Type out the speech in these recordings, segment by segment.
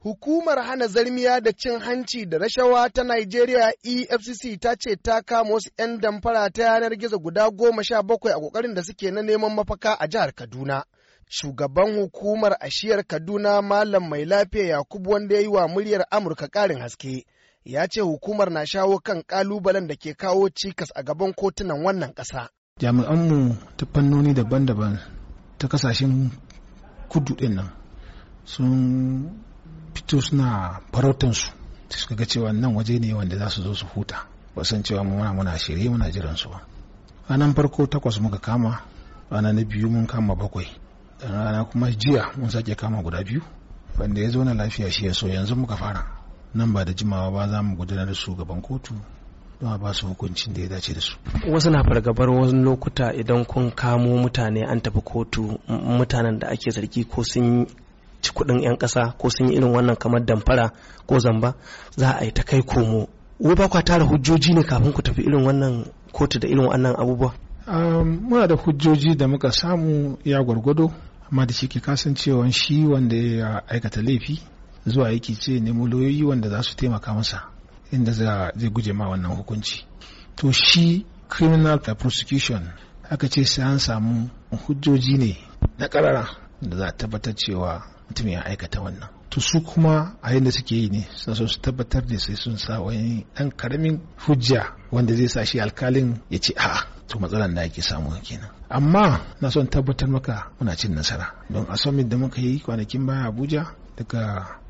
Hukumar hana zarmiya da cin hanci da rashawa ta Najeriya EFCC ta ce ta kama wasu 'yan damfara ta yanar gizo guda goma sha bakwai a kokarin da suke na neman mafaka a jihar Kaduna. Shugaban hukumar ashiyar Kaduna Malam Mai Lafiya Yakubu wanda ya yi wa muryar Amurka ƙarin haske. Ya ce hukumar na shawo kan ƙalubalen da ke kawo cikas a gaban kotunan wannan ƙasa. Jami'anmu ta fannoni daban-daban ta kasashen kudu ɗin nan sun fito suna farautan su suka ga cewa nan waje ne wanda za su zo su huta ba san cewa muna muna shirye muna jiran su ba ranar farko takwas muka kama rana na biyu mun kama bakwai rana kuma jiya mun sake kama guda biyu wanda ya zo na lafiya shi ya so yanzu muka fara nan ba da jimawa ba za mu gudanar da su gaban kotu don a ba su hukuncin da ya dace da su wasu na fargabar wasu lokuta idan kun kamo mutane an tafi kotu mutanen da ake zargi ko sun ci kuɗin 'yan ƙasa ko sun yi irin wannan kamar damfara ko zamba za a yi ta kai komo wai ba kwa tara hujjoji ne kafin ku tafi irin wannan kotu da irin wannan abubuwa muna da hujjoji da muka samu ya gwargwado amma da shi ke kasancewan shi wanda ya aikata laifi zuwa yake ce nemo lauyoyi wanda za su taimaka masa inda zai guje ma wannan hukunci to shi criminal prosecution aka ce sai an samu hujjoji ne na karara da za a tabbatar cewa mutum ya aikata wannan to su kuma a yadda suke yi ne suna so su tabbatar da sai sun sa wani dan karamin hujja wanda zai sa shi alkalin ya ce a'a to matsalar da ake samu kenan amma na son tabbatar maka muna cin nasara don a asamin da muka yi kwanakin baya abuja daga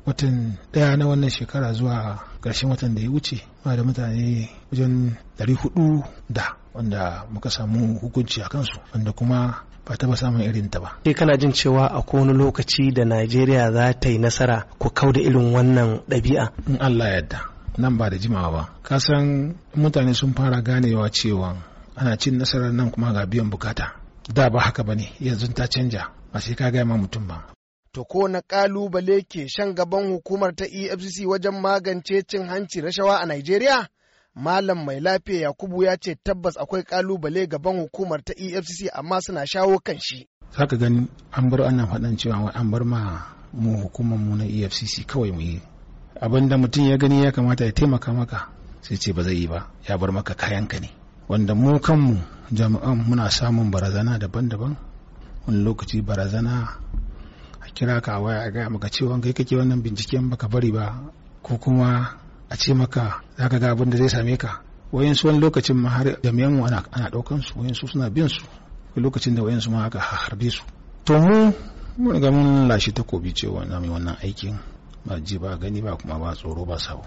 watan daya na wannan shekara zuwa ƙarshen watan da ya wuce ba da mutane wajen 400 da wanda muka samu hukunci a kansu wanda kuma ba taba samun irin ta ba. Ke kana jin cewa a wani lokaci da Najeriya za ta yi nasara ku kau da irin wannan ɗabi'a? In Allah yadda nan ba da jimawa ba. Ka san mutane sun fara ganewa cewa ana cin nasarar nan kuma ga biyan bukata. Da ba haka ba ne yanzu ta canja ba sai ka gaya ma mutum ba. to ko na ƙalubale ke shan gaban hukumar ta EFCC wajen magance cin hanci rashawa a Najeriya? Malam mai lafiya Yakubu ya ce tabbas akwai kalubale gaban hukumar ta EFCC amma suna shawo kan shi. Za ka gani an bar ana faɗan cewa an bar ma mu hukumar mu na EFCC kawai mu yi. Abin da mutum ya gani ya kamata ya taimaka maka sai ce ba zai yi ba ya bar maka kayanka ne. Wanda mu kanmu jami'an muna samun barazana daban-daban wani lokaci barazana a kira ka waya a gaya maka cewa kai kake wannan binciken baka bari ba ko kuma a ce maka za ka ga abin da zai same ka su wani lokacin ma har jami'an mu ana ɗaukan su su suna bin su lokacin da wayansu ma aka harbe su to mu mun ga mun lashe takobi cewa na mai wannan aikin ba ji ba gani ba kuma ba tsoro ba sabo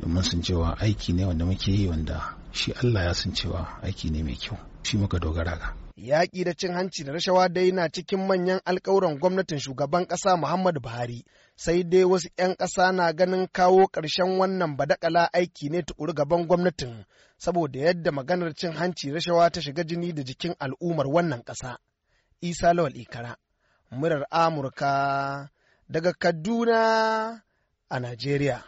domin sun cewa aiki ne wanda muke yi wanda shi Allah ya san cewa aiki ne mai kyau shi muka dogara ga Yaƙi da cin hanci da rashawa dai na cikin manyan alkawuran gwamnatin shugaban ƙasa Muhammadu Buhari, sai dai wasu 'yan ƙasa na ganin kawo ƙarshen wannan badakala aiki ne tuƙuri gaban gwamnatin, saboda yadda maganar cin hanci rashawa ta shiga jini da jikin al'ummar wannan ƙasa. Isa Lawal Ikara, murar Amurka daga Kaduna a Najeriya.